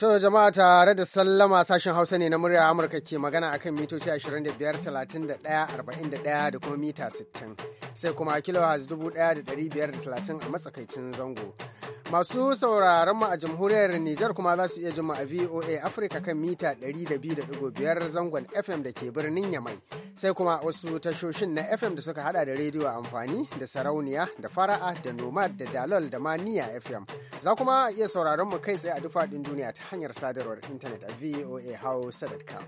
To jama'a tare da sallama sashen Hausa ne na murya Amurka ke magana akan mitoci 25, 31, 41 da kuma mita 60. Sai kuma kilohaz 1,530 a matsakaicin zango. Masu sauraron mu a jamhuriyar Nijar kuma za su iya jima a VOA Africa kan mita 200.5 zangon FM da ke birnin Yamai. Sai kuma wasu tashoshin na FM da suka hada da rediyo amfani da sarauniya da fara'a da nomad da dalol da maniya FM. Za kuma iya sauraron mu kai tsaye a duk faɗin duniya ta hanyar sadarwar intanet a voahausa.com.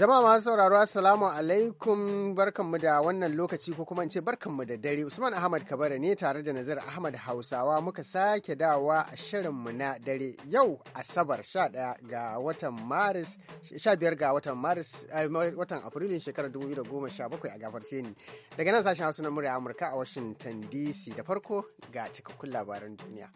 Jama'a masu sauraro Assalamu alaikum barkanmu da wannan lokaci ko kuma in ce barkanmu da dare Usman Ahmad Kabara ne tare da Nazar Ahmad Hausawa muka sake dawa a shirinmu na dare yau Asabar 11 ga watan 15 ga watan Maris eh, watan Afrilun shekarar 2017 a gafar ni daga nan sashen Hausa na murya Amurka a Washington DC da farko ga cikakkun labaran duniya.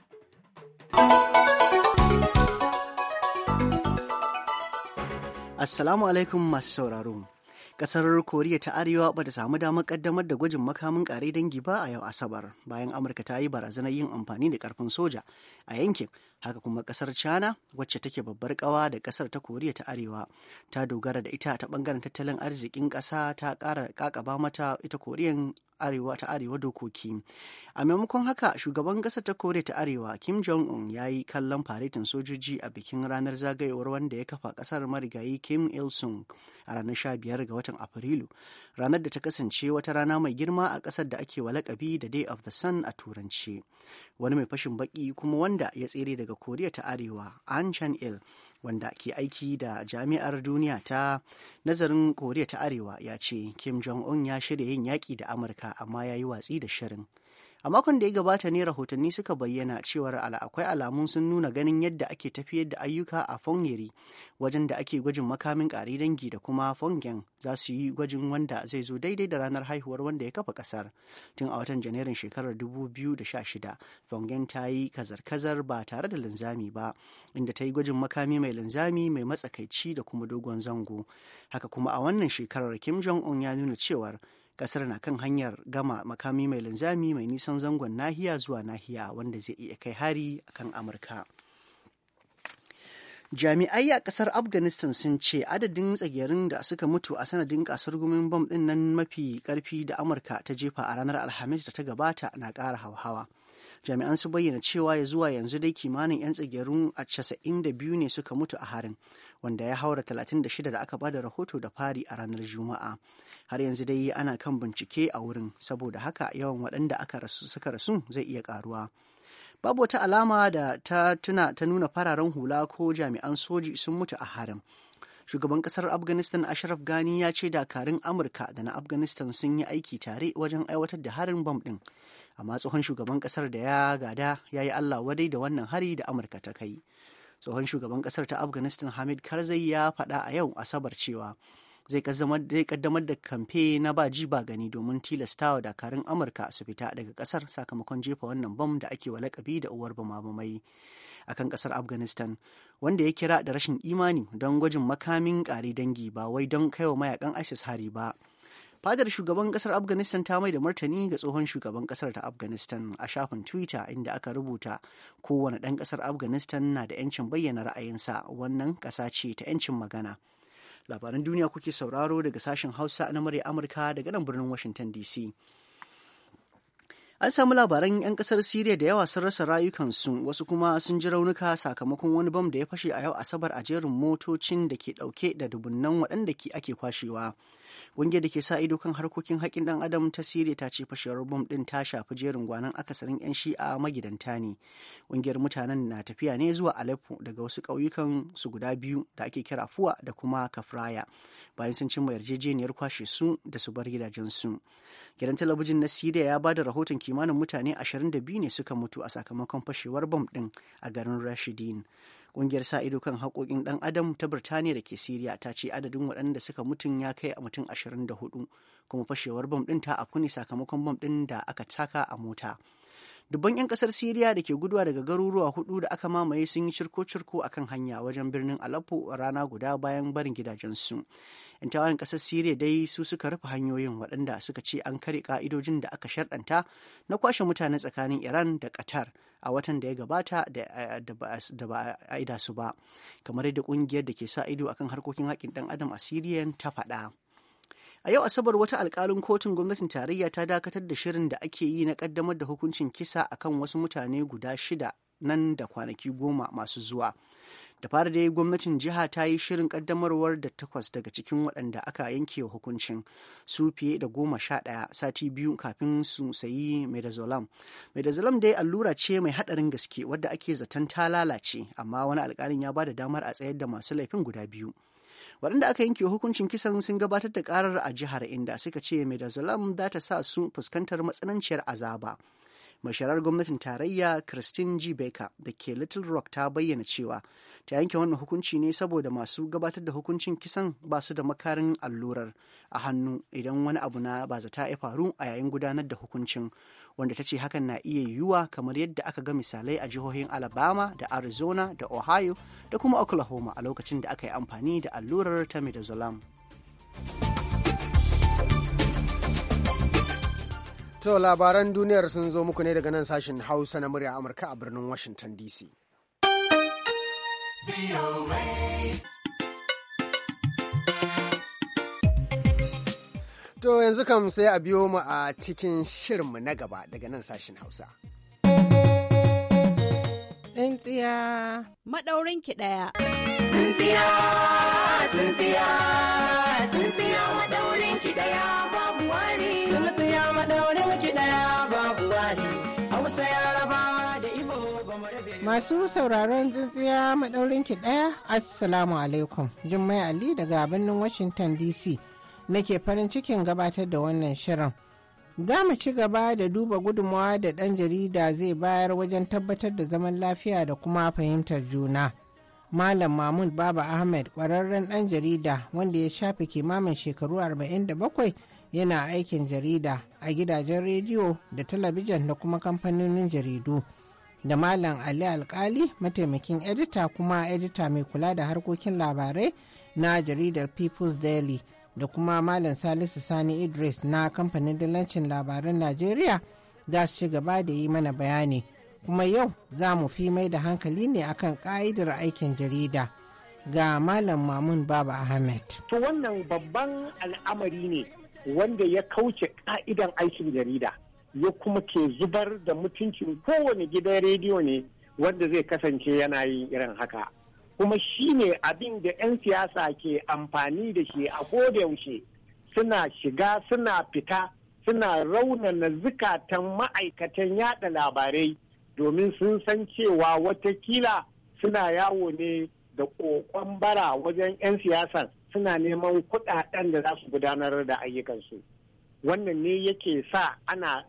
Assalamu alaikum masu sauraro. Kasar Koriya ta Arewa bata samu damar kaddamar da gwajin makamin kare dangi ba a yau Asabar bayan Amurka ta yi barazanar yin amfani da karfin soja a yankin haka kuma kasar china wacce take babbar kawa da kasar ta koriya ta arewa ta dogara da ita ta bangaren tattalin arzikin kasa ta kara kakaba mata ita koriyan arewa ta arewa dokoki a maimakon haka shugaban kasar ta koriya ta arewa kim jong un ya yi kallon faretin sojoji a bikin ranar zagayowar wanda ya kafa kasar marigayi kim il sung a ranar sha biyar ga watan afrilu ranar da ta kasance wata rana mai girma a kasar da ake walakabi da day of the sun a turanci wani mai fashin baki kuma wanda ya tsere daga daga koriya ta arewa an chan il wanda ke aiki da jami'ar duniya ta nazarin koriya ta arewa ya ce kim jong-un ya shirya yin yaƙi da amurka amma ya yi watsi da shirin a makon da ya gabata ne rahotanni suka bayyana cewar akwai alamun sun nuna ganin yadda ake tafiyar da ayyuka a fongeri wajen da ake gwajin makamin ƙari dangi da kuma fongen za su yi gwajin wanda zai zo daidai da ranar haihuwar wanda ya kafa ƙasar tun a watan janairun shekarar 2016 fongen ta yi kazar-kazar ba tare da linzami ba inda ta yi gwajin makami mai linzami mai matsakaici da kuma dogon zango haka kuma a wannan shekarar kim jong un ya nuna cewar kasar na kan hanyar gama makami mai linzami mai nisan zangon nahiya zuwa nahiya wanda zai iya kai hari akan amurka jami'ai a kasar afghanistan sun ce adadin tsagerin da suka mutu a sanadin kasar gumin bom din nan mafi karfi da amurka ta jefa a ranar alhamis da ta gabata na ƙara hauhawa jami'an su bayyana cewa ya zuwa yanzu dai kimanin 'yan tsagerun a 92 ne suka mutu a harin wanda ya haura 36 da aka bada rahoto da fari a ranar juma'a har yanzu dai ana kan bincike a wurin saboda haka yawan waɗanda aka rasu suka rasu zai iya ƙaruwa babu wata alama da ta tuna ta nuna fararen hula ko jami'an soji sun mutu a harin shugaban kasar afghanistan ashraf gani ya ce dakarun amurka da na afghanistan sun yi aiki tare wajen aiwatar da harin bom din amma tsohon shugaban kasar da ya gada ya yi allah wadai da wannan hari da amurka ta kai tsohon shugaban kasar ta afghanistan hamid karzai ya faɗa a yau asabar cewa zai kaddamar da kamfe na ba ji ba gani domin tilastawa dakarun amurka su fita daga kasar sakamakon jefa wannan bam da ake wa lakabi da uwar bama-bamai a kan kasar afghanistan wanda ya kira da rashin imani don gwajin makamin kare dangi ba wai don kai wa mayakan isis hari ba fadar shugaban kasar afghanistan ta mai da martani ga tsohon shugaban kasar ta afghanistan a shafin twitter inda aka rubuta kowane dan kasar afghanistan na da 'yancin bayyana ra'ayinsa wannan ƙasa ce ta 'yancin magana labaran duniya kuke sauraro daga sashen hausa na murya amurka daga nan birnin washington dc an samu labaran 'yan kasar siriya da yawa sun rasa rayukansu wasu kuma sun ji raunuka sakamakon wani bam da ya fashe a yau asabar a jerin motocin da ke dauke da dubunnan waɗanda ake kwashewa ƙungiyar da ke sa ido kan harkokin haƙƙin ɗan adam ta siriya ta ce fashewar bom ɗin ta shafi jerin gwanan akasarin 'yan shi'a magidanta ne ƙungiyar mutanen na tafiya ne zuwa aleppo daga wasu ƙauyukan su guda biyu da ake kira fuwa da kuma kafraya bayan sun cimma yarjejeniyar kwashe su da su bar gidajensu gidan talabijin na siriya ya ba da rahoton kimanin mutane ashirin da biyu ne suka mutu a sakamakon fashewar bom ɗin a garin rashidin kungiyar sa ido kan haƙoƙin ɗan adam ta Birtaniya da ke Siriya ta ce adadin waɗanda suka mutun ya kai a mutum 24 kuma fashewar bom ɗin ta afku ne sakamakon bom ɗin da aka taka a mota. dubban 'yan kasar siriya da ke guduwa daga garuruwa hudu da aka mamaye sun yi cirko-cirko a kan hanya wajen birnin aleppo rana guda bayan barin gidajensu 'yan kasar syria siriya dai su suka rufe hanyoyin waɗanda suka ce an kare ka'idojin da aka sharɗanta na kwashe mutane tsakanin iran da qatar a watan da ya gabata da eh, ba a ida su ba kamar da ƙungiyar da ke sa ido akan harkokin haƙƙin ɗan adam a siriya ta faɗa a yau asabar wata alkalin kotun gwamnatin tarayya ta dakatar da shirin da ake yi na kaddamar da hukuncin kisa akan wasu mutane guda shida nan da kwanaki goma masu zuwa da fara dai gwamnatin jiha ta yi shirin kaddamarwar da takwas daga cikin waɗanda aka yanke hukuncin su fiye da goma sha ɗaya sati biyu kafin su sayi medazolam medazolam dai allura ce mai haɗarin gaske wadda ake zaton ta lalace amma wani alƙalin ya ba da damar a tsayar da masu laifin guda biyu waɗanda aka yanke hukuncin kisan sun gabatar da karar a jihar inda suka ce medazolam za ta sa su fuskantar matsananciyar azaba masharar gwamnatin tarayya christine g baker da ke little rock ta bayyana cewa ta yanke wannan hukunci ne saboda masu gabatar da hukuncin kisan ba su da makarin allurar a hannu idan wani abu na ba bazata ya faru a yayin gudanar da hukuncin wanda ta ce hakan na iya yiwuwa kamar yadda aka ga misalai a jihohin alabama da arizona da ohio da kuma oklahoma a lokacin da aka yi amfani da allurar ta midazolam. To labaran duniyar sun zo muku ne daga nan sashen Hausa na murya Amurka a birnin Washington DC. To yanzu kam sai a biyo mu a cikin shirinmu na gaba daga nan sashen Hausa. Tsintsiya. Maɗaurin ki ɗaya. Tsintsiya, tsintsiya, tsintsiya maɗaurin ki ɗaya ba. Masu sauraron tsintsiya maɗaurin ki ɗaya, Assalamu alaikum. Jummai Ali daga birnin Washington DC nake farin cikin gabatar da wannan shirin. Za mu ci gaba da duba gudunmawa da ɗan jarida zai bayar wajen tabbatar da zaman lafiya da kuma fahimtar juna. Malam Mamun Baba Ahmed ƙwararren ɗan jarida wanda ya shafe kimamin shekaru 47 yana aikin jarida a gidajen rediyo da talabijin da kuma kamfanonin jaridu. da Malam Ali Alkali mataimakin edita kuma edita mai kula da harkokin labarai na jaridar People's Daily da kuma Malam Salisu Sani Idris na kamfanin dalancin labaran Najeriya za su ci gaba da yi mana bayani. Kuma yau za mu fi mai da hankali ne akan ka'idar aikin jarida. Ga Malam Mamun Baba Ahmed. To wannan babban al'amari ne wanda ya kauce ka'idan aikin jarida. ya kuma ke zubar da mutuncin kowane gidan rediyo ne wanda zai kasance yana yin irin haka kuma shi ne abin da 'yan siyasa ke amfani da shi a yaushe suna shiga suna fita suna raunana zukatan ma'aikatan yada labarai domin sun san cewa watakila suna yawo ne da kokon bara wajen 'yan siyasan suna neman kudaden da za su gudanar da ayyukansu wannan ne yake sa ana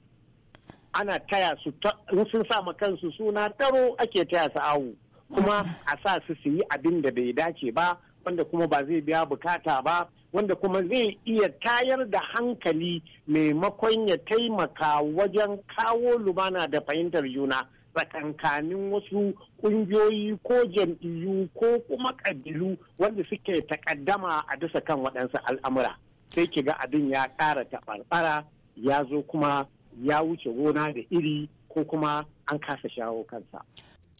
ana taya su in sun sa ma kansu suna taro ake taya su awu kuma a sa su su yi abin da bai dace ba wanda kuma ba zai biya bukata ba wanda kuma zai iya tayar da hankali maimakon ya taimaka wajen kawo lumana da fahimtar juna tsakankanin wasu kungiyoyi ko jam'iyyu ko kuma ƙabilu wanda suke takaddama a bisa kan waɗansu al'amura sai ki ga abin ya ƙara taɓarɓara ya zo kuma ya wuce gona da iri ko kuma an kasa shawo kansa.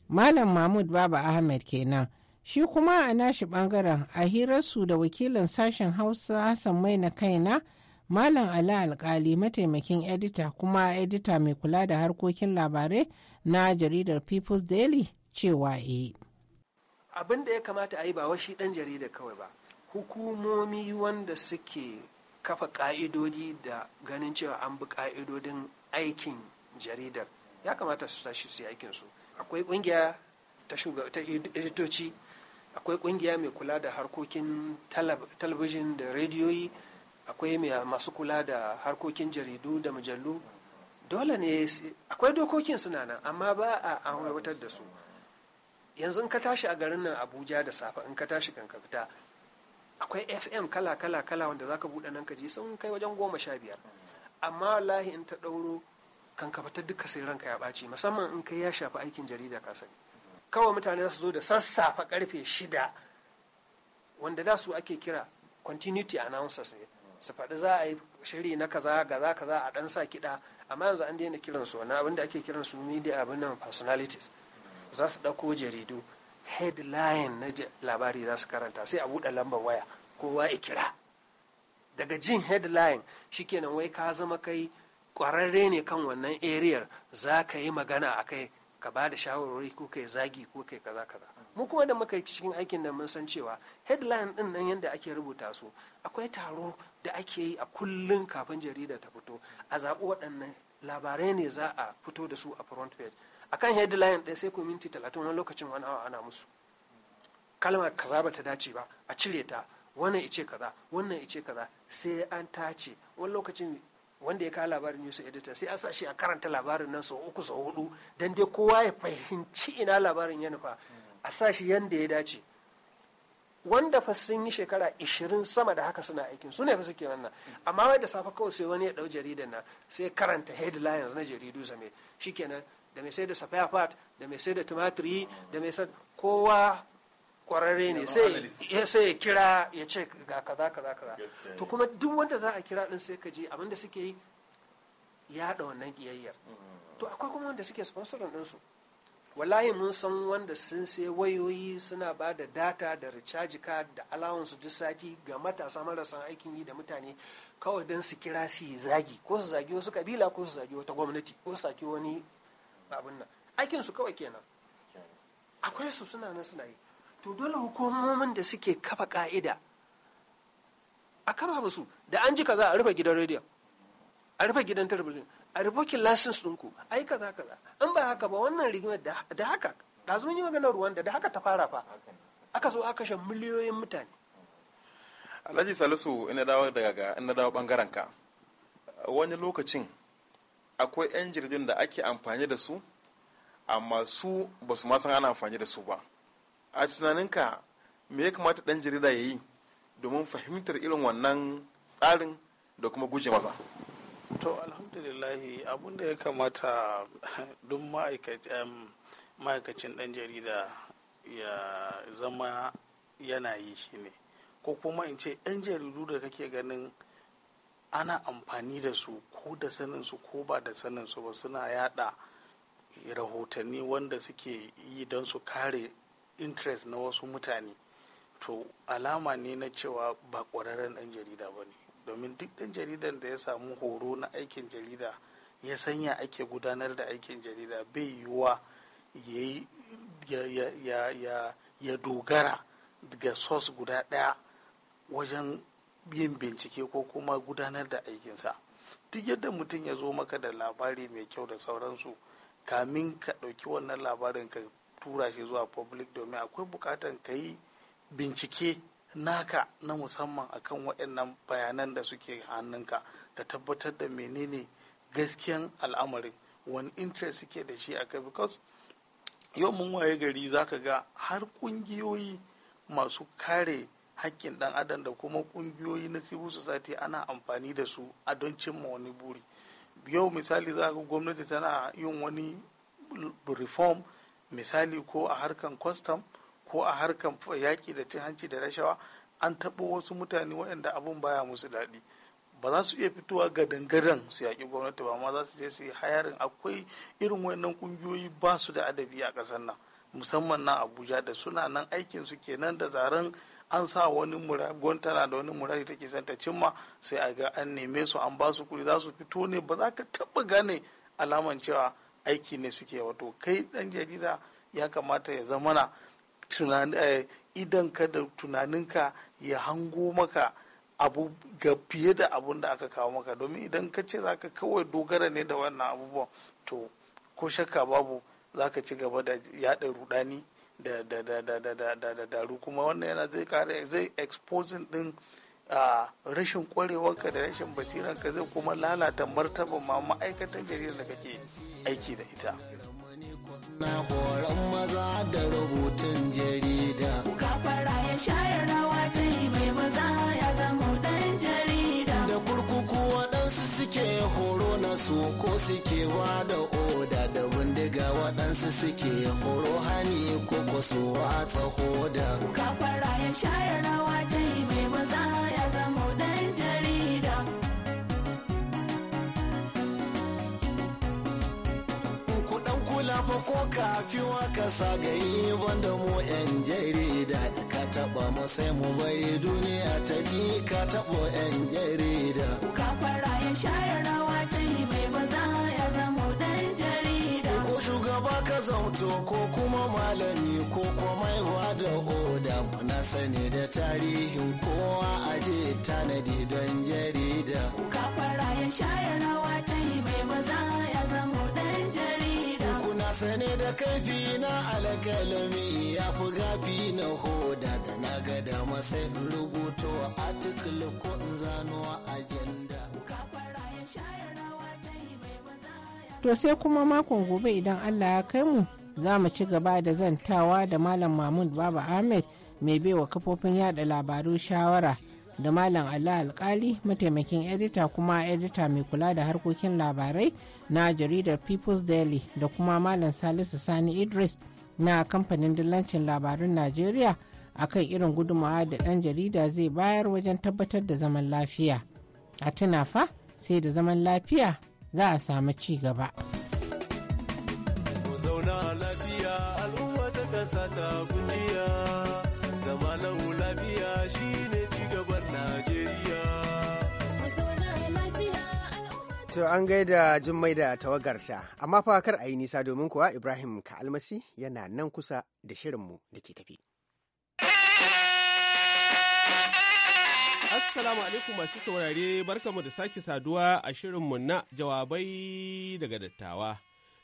Malam Mahmud Baba Ahmed kenan. Shi kuma a nashi bangaren a hirarsu da wakilin sashen Hausa Hassan Mai na kaina Malam Ali Alkali mataimakin edita kuma edita mai kula da harkokin labarai na jaridar People's Daily cewa e. Abin da ya kamata a yi ba washi ɗan jarida kawai ba, hukumomi wanda suke kafa ka'idodi da ganin cewa an bi ka'idodin aikin jaridar ya kamata su tashi su yi aikin su akwai kungiya ta shuga ta editoci akwai kungiya mai kula da harkokin talabijin da rediyoyi akwai masu kula da harkokin jaridu da mujallu dole ne akwai dokokin suna nan amma ba a an da su yanzu ka tashi a garin nan abuja da safe in ka tashi kan ka fita akwai fm kala kala kala wanda zaka buɗe nan ka sun kai wajen goma sha biyar amma wallahi in ta ɗauro kan ka fita duka sai ranka ya ɓaci musamman in kai ya shafi aikin jarida ka sani kawai mutane za su zo da sassafa karfe shida wanda da su ake kira continuity announcers ne su faɗi za a yi shiri na kaza za kaza a ɗan sa kiɗa amma yanzu an daina kiransu su wani abinda ake kiran su media abin nan personalities za su ɗauko jaridu headline na labari za su karanta sai a buɗe lambar waya kowa ya kira daga jin headline shikenan wai ka zama kai ƙwararre ne kan wannan ariyar za ka yi magana a kai ka ba da shawarwari ko kai zagi ko kai kaza kaza mu kuma da muka yi cikin aikin da mun san cewa headline ɗin nan yadda ake rubuta su akwai taro da ake yi a kullun kafin jarida ta fito a zaɓi waɗannan labarai ne za a fito da su a front page akan headline ɗaya sai ku minti talatin wani lokacin wani awa ana musu kalmar kaza bata dace ba a cire ta wannan ice kaza wannan ice kaza sai an tace wani lokacin wanda ya kawo labarin news editor sai a sa shi a karanta labarin nan sau uku sau hudu dan dai kowa ya fahimci ina labarin ya nufa a sa shi yanda ya dace wanda fa sun yi shekara 20 sama da haka suna aikin su ne fa suke wannan amma wai da safe kawai sai wani ya dau jaridar nan sai karanta headlines na jaridu zame shikenan da mai sai da safaya fat da mai sai da tumatiri da mai sai kowa kwararre ne sai ya kira ya ce ga kaza kaza kaza to kuma duk wanda za a kira din sai ka je abinda suke yi yaɗa wannan kiyayyar to akwai kuma wanda suke sponsorin su wallahi mun san wanda sun sai wayoyi suna ba da data da recharge card da allowance duk sati ga matasa marasa aikin yi da mutane kawai don su kira su zagi ko su zagi wasu kabila ko su zagi wata gwamnati ko su zagi wani abin nan aikin su kawai kenan akwai su suna nan suna yi to dole hukumomin da suke kafa ka'ida a kafa su da an ji kaza a rufe gidan radio a rufe gidan talabijin a rufe lasins ɗinku a yi kaza kaza in ba haka ba wannan rigimar da haka ɗazu yi maganar ruwan da haka ta fara fa aka zo aka kashe miliyoyin mutane alhaji salisu ina dawo daga ina dawo bangaren ka wani lokacin akwai 'yan jirgin da ake amfani da su amma su ba su ma san ana amfani da su ba a tunaninka me ya kamata ɗan jarida ya yi domin fahimtar irin wannan tsarin da kuma guje masa to alhamdulillahi abun da ya kamata duk ma'aikacin ɗan jarida ya zama yana yi shi ne ko kuma in ce 'yan jaridu da kake ganin ana amfani da su ko da sanin su ko ba da saninsu ba suna yada rahotanni wanda suke yi don su kare interest na wasu mutane to alama ne na cewa ba ƙwararren ɗan jarida ba ne domin duk ɗan jaridan da ya samu horo na aikin jarida ya sanya ake gudanar da aikin jarida bai yiwuwa ya dogara ga source guda ɗaya wajen yin bincike ko kuma gudanar da aikinsa duk yadda mutum ya zo maka da labari mai kyau da sauransu kamin ka ɗauki wannan labarin ka tura shi zuwa public domin akwai buƙatar ka yi bincike naka na musamman akan waɗannan bayanan da suke hannunka ka tabbatar da menene gaskiyan al'amarin wani interest suke da shi aka because yau mun waye gari zaka ga har ƙungiyoyi masu kare hakkin ɗan adam da kuma ƙungiyoyi na civil society ana amfani da su a don cimma wani buri yau misali za ga gwamnati tana yin wani reform misali ko a harkan custom ko a harkan yaƙi da cin hanci da rashawa an taɓa wasu mutane waɗanda abun baya musu daɗi ba za su iya fitowa gadan-gadan su yaƙi gwamnati ba amma za su je su yi hayarin akwai irin wannan ƙungiyoyi ba su da adadi a ƙasar nan musamman na abuja da suna nan aikin su kenan da zaren an sa wani murabon da wani murari take son ta cimma sai a ga an neme su an ba su kuɗi za su fito ne ba za ka taba gane alaman cewa aiki ne suke wato kai ɗan jarida ya kamata ya zamana idan eh, ka da tunaninka ya hango maka abu ga fiye da abun da aka kawo maka domin idan ka ce za ka kawai dogara ne da wannan abubuwan to ko shakka babu zaka ci gaba da yaɗa rudani da da da da da da da da da kuma wannan yana zai kare zai exposing din a rashin kwarewarka da rashin ka zai kuma lalata martaba ma ma'aikatan jaridar da kake aiki da ita na maza da rubutun jarida kafara ya mai maza ya zama dan jarida da kurkuku waɗansu suke horo na su ko suke wada oda da da waɗansu suke horo hani ko kwaso a tsaho da kafara ya shayar rawa mai maza ya zama ɗan jarida kuɗan kula ba ko kafi waka sagayi da mu yan jarida ka taɓa mu sai mu bari duniya ta ji ka taɓa yan jarida kafara ya shayar rawa moto ko kuma malami ko kuma da oda na sani da tarihin kowa a je tanadi don jarida kuka fara ya shaya ta yi mai maza ya zamo dan jarida kuna sani da kaifi na alƙalami ya fi gafi na hoda da na ga da masai rubuto a tukulu ko a zano kuka fara ya To sai kuma makon gobe idan Allah ya kai mu za mu ci gaba da zantawa da Malam Mahmud Baba Ahmed mai baiwa kafofin yada labaru shawara da Malam Allah Alkali mataimakin edita kuma edita mai kula da harkokin labarai na jaridar People's Daily da kuma Malam Salisu Sani Idris na kamfanin dillancin labarun Najeriya akan irin gudumawa da ɗan jarida zai bayar wajen tabbatar da zaman lafiya. A tuna fa sai da zaman lafiya za a samu ci gaba. zauna lafiya al'umma ta kasa ta kujiya zama lau lafiya shine cigaban najeriya to an gaida jummai da tawagarta amma fa kar a yi nisa domin kuwa ibrahim ka almasi yana nan kusa da shirinmu da ke tafi Assalamu alaikum masu saurare barkamu da sake saduwa a shirinmu na jawabai daga dattawa.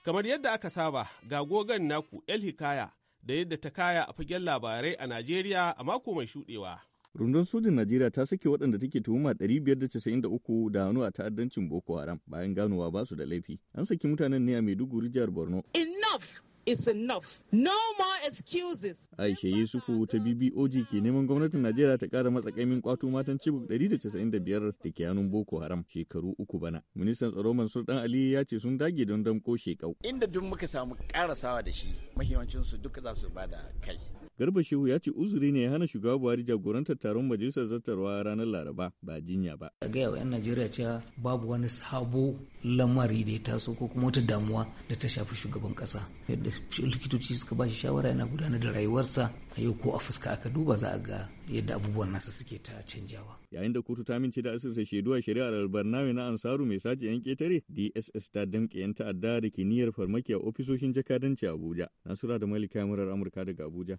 Kamar yadda aka saba ga gogan naku El Hikaya da yadda ta kaya a fagen labarai a Najeriya a mako mai shuɗewa. Rundun sojin Najeriya ta sake waɗanda take tuhuma 593 da hannu a ta'addancin Boko Haram bayan ganowa ba su da laifi. An saki mutanen ne a Maiduguri jihar Borno. Enough is enough. No more excuses. Aisha Yusufu ta BBOG ke neman gwamnatin Najeriya ta ƙara matsakaimin kwato matan cibuk 195 da ke hannun Boko Haram shekaru uku bana. Ministan tsaro Mansur Dan Ali ya ce sun dage don damƙo shekau. Inda duk muka samu karasawa da shi mahimmancin su duka za su bada kai. Garba Shehu ya ce uzuri ne ya hana shugaba Buhari jagorantar taron majalisar zattarwa ranar Laraba ba jinya ba. A gaya wa 'yan Najeriya cewa babu wani sabo lamari da ya taso ko kuma wata damuwa da ta shafi shugaban kasa. Yadda likitoci suka ba shi shawara yana gudanar da rayuwarsa a yau ko a fuska aka duba za a ga yadda abubuwan nasa suke ta canjawa. yayin da kotu ta mince da asirce shaidu a shari'ar albarnawi na ansaru mai sace yan ketare dss ta damƙe yan ta'adda da ke niyyar farmaki a ofisoshin jakadanci a abuja nasura da mali murar amurka daga abuja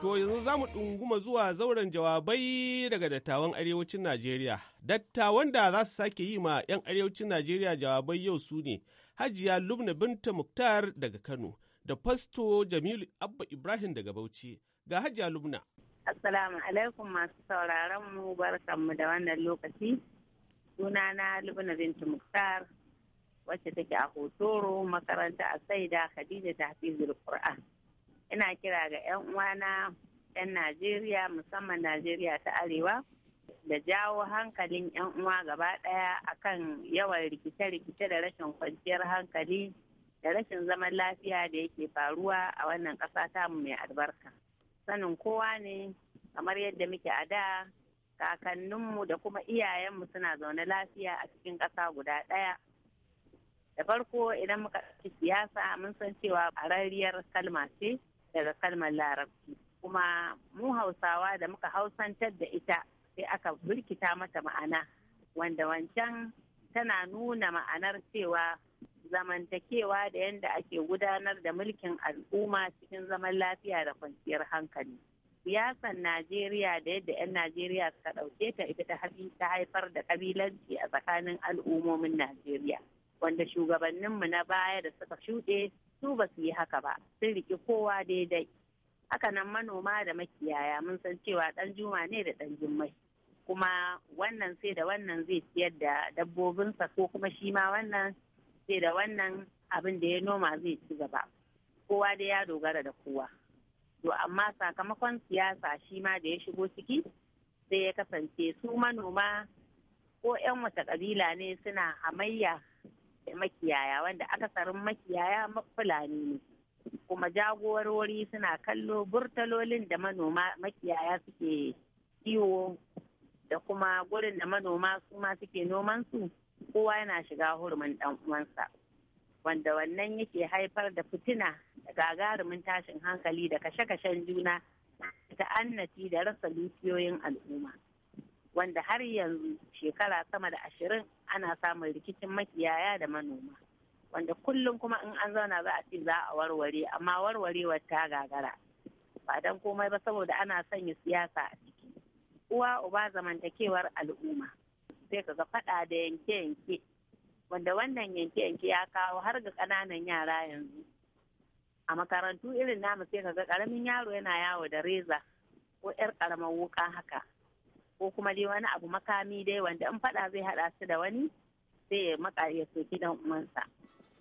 to yanzu za mu ɗunguma zuwa zauren jawabai daga dattawan arewacin najeriya dattawan da za su sake yi ma 'yan arewacin najeriya jawabai yau su ne hajiya lubna binta muktar daga kano da fasto jamilu abba ibrahim daga bauchi ga hajiya lubna Assalamu alaikum masu sauraron mu barkanmu da wannan lokaci. suna Lubna Bintu Muktar wacce take a Hotoro makaranta a Saida Khadija Tahfizul Qur'an. Ina kira ga 'yan uwana 'yan Najeriya musamman Najeriya ta Arewa da jawo hankalin 'yan uwa gaba ɗaya akan yawan rikice-rikice da rashin kwanciyar hankali da rashin zaman lafiya da yake faruwa a wannan ƙasa tamu mai albarka. sanin kowa ne kamar yadda muke a da kakanninmu da kuma iyayenmu suna zaune lafiya a cikin ƙasa guda ɗaya da farko idan muka ɗauki siyasa mun san cewa bararriyar kalma ce daga kalmar larabci kuma mu hausawa da muka hausantar da ita sai aka birkita mata ma'ana wanda wancan tana nuna ma'anar cewa zamantakewa da yadda ake gudanar da mulkin al'umma cikin zaman lafiya da kwanciyar hankali. Siyasar Najeriya da yadda 'yan Najeriya suka ɗauke ta ita ta haifar da kabilanci a tsakanin al'ummomin Najeriya. Wanda shugabanninmu na baya da suka shuɗe su ba su yi haka ba, sun riki kowa daidai. Haka nan manoma da makiyaya mun san cewa ɗan juma ne da ɗan jummai. kuma wannan sai da wannan zai ciyar da dabbobinsa ko kuma shi ma wannan sai da wannan abin da ya noma zai ci gaba kowa da ya dogara da kowa to amma sakamakon siyasa shi ma da ya shigo ciki sai ya kasance su manoma ko 'yan wata ƙabila ne suna hamayya da makiyaya wanda akasarin makiyaya fulani ne kuma jagorori suna kallo burtalolin da manoma makiyaya suke kiwo da kuma gurin da manoma su ma suke nomansu kowa yana shiga hurumin dan uwansa wanda wannan yake haifar da fitina da gagarumin tashin hankali da kashe-kashen juna ta annati da rasa dukiyoyin al'umma wanda har yanzu shekara sama da ashirin ana samun rikicin makiyaya da manoma wanda kullum kuma in an zauna za a ce za a warware amma warwarewar ta gagara ba don komai ba saboda ana sanya siyasa a ciki uwa uba zamantakewar al'umma sai ka ga faɗa da yanke-yanke wanda wannan yanke-yanke ya kawo har ga ƙananan yara yanzu a makarantu irin namu sai ka ga ƙaramin yaro yana yawo da reza ko 'yar ƙaramar wuka haka ko kuma dai wani abu makami dai wanda in faɗa zai haɗa su da wani sai ya maka ya soki dan uwansa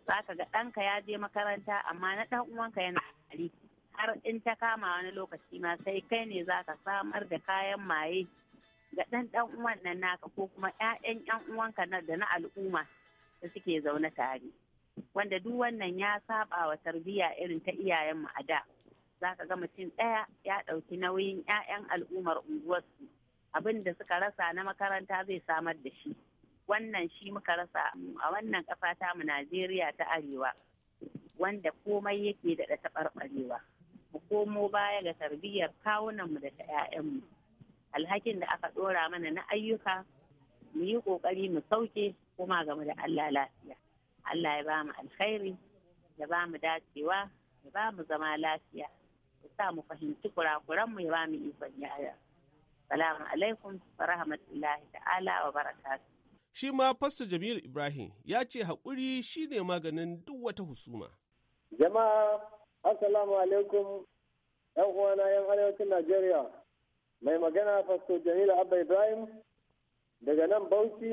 za ka ga ɗanka ya je makaranta amma na ɗan uwanka yana ƙari har in ta kama wani lokaci ma sai kai ne za ka samar da kayan maye ga ɗan ɗan uwan nan naka ko kuma ƴaƴan ƴan uwanka na da na al'umma da suke zaune tare wanda duk wannan ya saba wa tarbiyya irin ta iyayenmu a da za ka ga mutum ɗaya ya ɗauki nauyin ƴaƴan al'ummar unguwarsu abin da suka rasa na makaranta zai samar da shi wannan shi muka rasa a wannan ƙasa ta mu najeriya ta arewa wanda komai yake da taɓarɓarewa mu komo baya ga tarbiyyar kawunanmu da ta mu alhakin da aka ɗora mana na ayyuka mu yi ƙoƙari mu sauke kuma game da Allah lafiya. Allah ya ba mu alkhairi ya ba mu dacewa ya ba mu zama lafiya ya sa mu fahimci kurakuran mu ya ba mu ikon yaya. Salamu alaikum wa rahmatullahi ta'ala wa barakatuh Shi ma Fasto Jamilu Ibrahim ya ce haƙuri shine maganin duk wata husuma. Jama'a, Assalamu alaikum, ‘yan uwana ‘yan arewacin Najeriya. mai magana fasto jamila abba ibrahim daga nan bauchi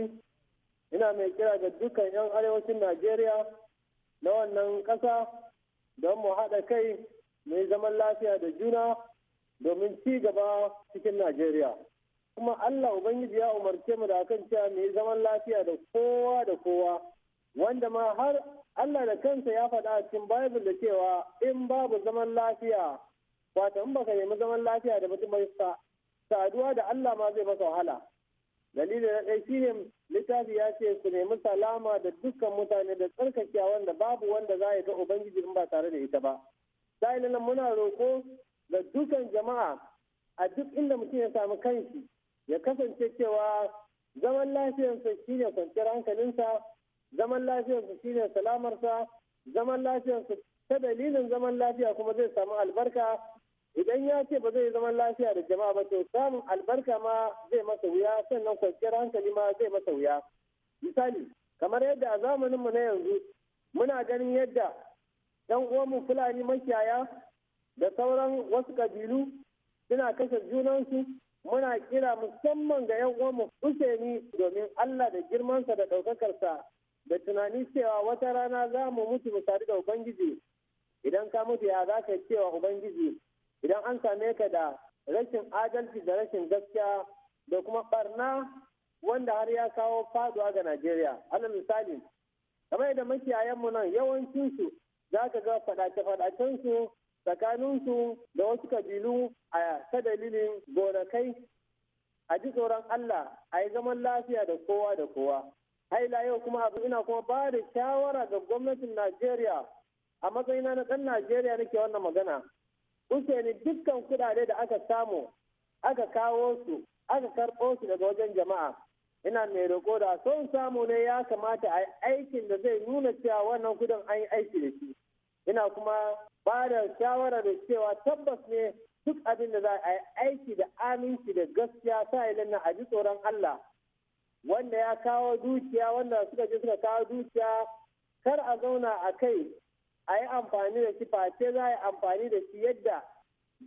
ina mai kira ga dukkan 'yan arewacin najeriya na wannan ƙasa don mu haɗa kai mai zaman lafiya da juna domin ci gaba cikin najeriya kuma allah ubangiji ya umarce mu da akan cewa mai zaman lafiya da kowa da kowa wanda ma har allah da kansa ya faɗa cikin bible da cewa in babu zaman lafiya wato in baka nemi zaman lafiya da mutum ba saduwa da Allah ma zai masa wahala dalili na ɗaya ne littafi ya ce su nemi salama da dukkan mutane da tsarkakiya wanda babu wanda za ya ga ubangiji in ba tare da ita ba sai nan muna roko ga dukkan jama'a a duk inda mutum ya samu kanshi ya kasance cewa zaman lafiyarsa shine kwanciyar hankalinsa zaman lafiyarsa shine salamarsa zaman lafiyarsa ta dalilin zaman lafiya kuma zai samu albarka idan ya ce ba zai zama lafiya da jama'a ba to samun albarka ma zai masa wuya sannan kwanciyar hankali ma zai masa wuya misali kamar yadda a zamaninmu na yanzu muna ganin yadda yan uwanmu fulani makiyaya da sauran wasu kabilu suna kashe junansu muna kira musamman ga yan uwanmu Usaini domin Allah da girmansa da ɗaukakarsa da tunani cewa wata rana za mu mutu mu sadu da Ubangiji idan ka mutu ya za ka cewa Ubangiji idan an same ka da rashin adalci da rashin gaskiya da kuma barna wanda har ya kawo faduwa ga najeriya alal misali kamar yadda makiyayenmu nan yawancinsu za ka ga faɗace-faɗacensu tsakaninsu da wasu kabilu a ta dalilin gonakai a ji tsoron Allah a yi zaman lafiya da kowa da kowa. Haila yau kuma abu ina kuma ba da shawara ga gwamnatin Najeriya a matsayina na ɗan Najeriya nake wannan magana. Usaini dukkan kudade da aka samu aka kawo su aka karɓo su daga wajen jama'a ina mai roƙo da son samu ne ya kamata a aikin da zai nuna cewa wannan kudin an yi aiki da shi ina kuma ba da shawara da cewa tabbas ne duk abin da za a yi aiki da aminci da gaskiya sa ilin nan a ji tsoron Allah wanda ya kawo dukiya wanda suka je suka kawo dukiya kar a zauna a kai a yi amfani da shi face za a yi amfani da shi yadda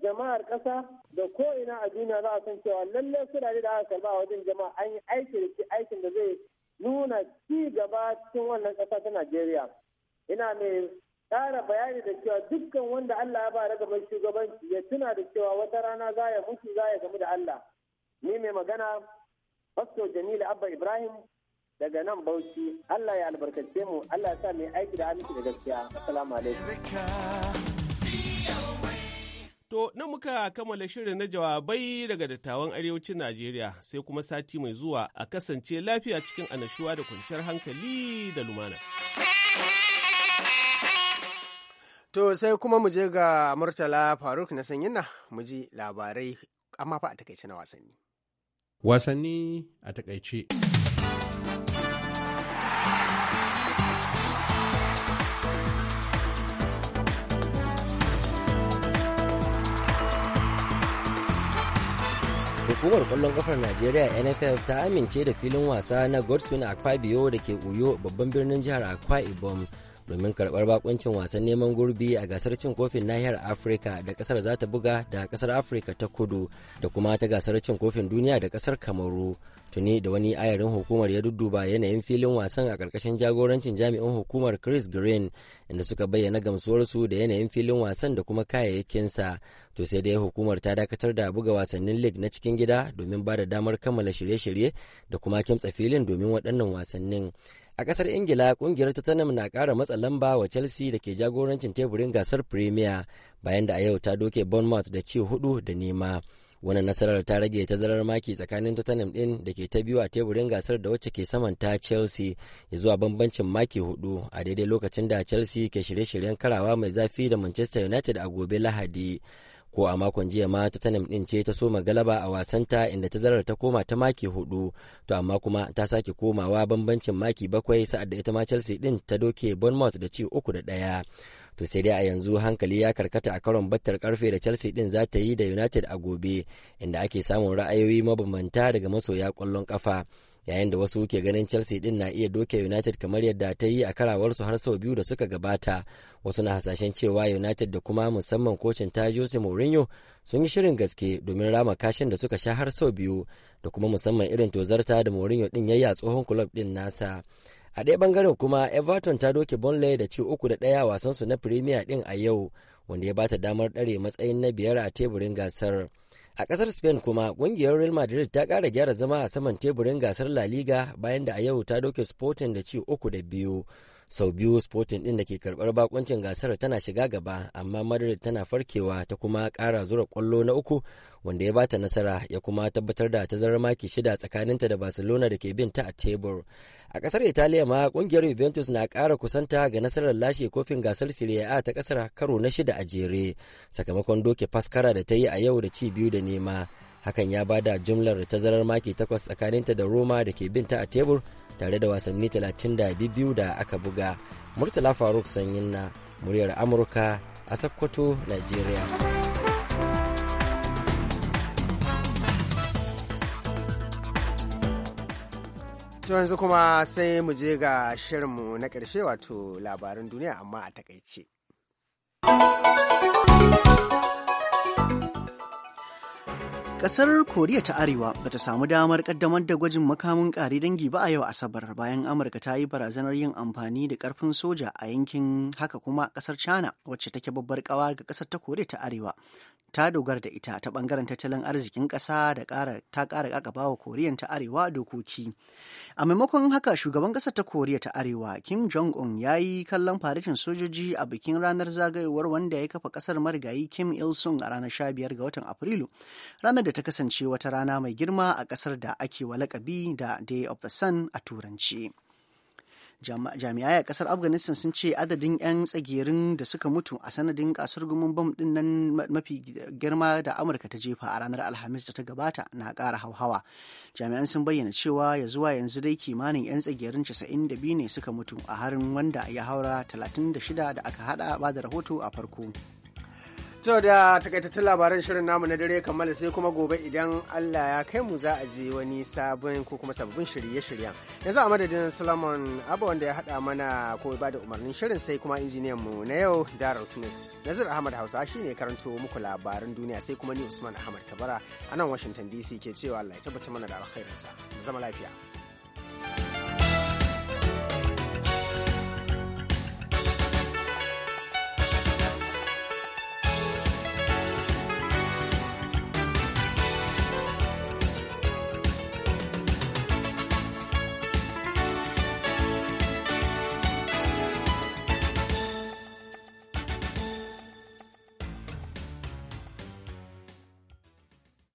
jama'ar ƙasa da ko'ina a duniya za a san cewa lallai kudade da aka karba a wajen jama'a an yi aiki da shi aikin da zai nuna ci gaba cikin wannan ƙasa ta Najeriya. Ina mai ƙara bayani da cewa dukkan wanda Allah ya ba da gaban shugabanci ya tuna da cewa wata rana za ya mutu za ya gamu da Allah. Ni mai magana Pastor Jamilu Abba Ibrahim daga nan bauchi Allah ya albarkace mu Allah ya sa mai aiki da aminci da gaskiya assalamu alaikum To, nan muka kammala shirin na jawabai daga dattawan arewacin Najeriya sai kuma sati mai zuwa a kasance lafiya cikin anashuwa da kwanciyar hankali da lumana. To, sai kuma mu je ga Murtala Faruk na sanyina mu ji labarai amma fa a takaice na wasanni. Wasanni a takaice. hukumar kwallon kafar najeriya nff ta amince da filin wasa na godswin akpabio da ke uyo babban birnin jihar akwa ibom domin karbar bakuncin wasan neman gurbi a gasar cin kofin nahiyar afirka da kasar za ta buga da kasar afirka ta kudu da kuma ta gasar cin kofin duniya da kasar kamaru tuni da wani ayarin hukumar ya dudduba yanayin filin wasan a karkashin jagorancin jami'in hukumar chris green inda suka bayyana gamsuwarsu da yanayin filin wasan da kuma kayayyakinsa to sai dai hukumar ta dakatar da buga wasannin league na cikin gida domin ba da damar kammala shirye-shirye da kuma kimtsa filin domin waɗannan wasannin A kasar Ingila kungiyar Tottenham na kara matsa lamba wa Chelsea da ke jagorancin teburin gasar Premier bayan da a yau ta doke Bournemouth da ci hudu da nema. Wannan nasarar ta rage tazarar maki tsakanin Tottenham din da ke ta biyu a teburin gasar da wacce ke saman ta Chelsea ya zuwa bambancin maki hudu a daidai lokacin da Chelsea ke shirye-shiryen karawa mai zafi da Manchester United a gobe Lahadi. ko a makon jiya ma ta tanam din ce ta soma galaba a wasanta inda ta zarar ta koma ta maki hudu to amma kuma ta sake komawa bambancin maki bakwai sa'ad da ita ma chelsea din ta doke bournemouth da ci uku da daya to sai dai a yanzu hankali ya karkata a karon battar karfe da chelsea din za ta yi da united a gobe inda ake samun ra'ayoyi mabambanta daga masoya kwallon kafa yayin da wasu ke ganin chelsea din na iya doke united kamar yadda ta yi a karawarsu har sau biyu da suka gabata wasu na hasashen cewa united da kuma musamman kocin ta jose mourinho sun yi shirin gaske domin rama kashin da suka sha har sau biyu da kuma musamman irin tozarta da mourinho din yayya a tsohon club din nasa a ɗaya bangaren kuma everton ta doke bonley da ci uku da ɗaya wasansu na premier din a yau wanda ya bata damar ɗare matsayin na biyar a teburin gasar A ƙasar Spain kuma ƙungiyar Real Madrid ta ƙara gyara zama a saman teburin gasar La Liga bayan da a yau ta doke Sporting da ci uku da biyu. sau biyu sporting din da ke karbar bakuncin gasar tana shiga gaba amma madrid tana farkewa ta kuma kara zura kwallo na uku wanda ya bata nasara ya kuma tabbatar da ta tazarar maki shida tsakaninta da barcelona da ke bin ta a tebur a kasar italiya ma kungiyar juventus na kara kusanta ga nasarar lashe kofin gasar serie a ta kasar karo na shida a jere sakamakon doke faskara da ta yi a yau da ci biyu da nema hakan ya bada jumlar tazarar maki takwas tsakaninta da roma da ke bin ta a tebur tare da wasanni 32 da aka buga murtala faruk sanyin na muryar amurka a sakkwato nigeria to yanzu kuma sai mu je ga shirinmu na ƙarshe wato labarin duniya amma a takaice. Kasar Koriya ta Arewa bata samu damar kaddamar da gwajin makamin ƙari dangi ba a yau Asabar bayan Amurka ta yi barazanar yin amfani da ƙarfin soja a yankin haka kuma kasar China wacce take babbar kawa ga kasar ta Koriya ta Arewa ta dogara da ita ta bangaren tattalin arzikin ƙasa da ta ƙara kakaba wa koriya ta arewa dokoki a maimakon haka shugaban ƙasar ta koriya ta arewa kim jong un ya yi kallon faritin sojoji a bikin ranar zagayowar wanda ya kafa ƙasar marigayi kim il sung a ranar 15 ga watan afrilu ranar da ta kasance wata rana mai girma a ƙasar da ake wa lakabi da day of the sun a turanci. jami'ai a kasar afghanistan sun ce adadin 'yan tsagerin da suka mutu a sanadin kasurgumin bam din nan mafi girma da amurka ta jefa a ranar alhamis da ta gabata na kara hauhawa jami'an sun bayyana cewa ya zuwa yanzu dai kimanin 'yan tsagerin 92 ne suka mutu a harin wanda ya haura 36 da aka hada ba da rahoto a farko To da takaitattun labaran shirin namu na dare kammala sai kuma gobe idan Allah ya kai mu za a je wani sabon ko kuma sababbin shirye-shiryen. Yanzu a madadin Solomon abu wanda ya hada mana ko ba da umarnin shirin sai kuma injiniyan mu na yau Darul Smith. Nazir Ahmad Hausa shine karanto muku labaran duniya sai kuma ni Usman Ahmad Kabara a nan Washington DC ke cewa Allah ya tabbata mana da alkhairinsa. Mu zama lafiya.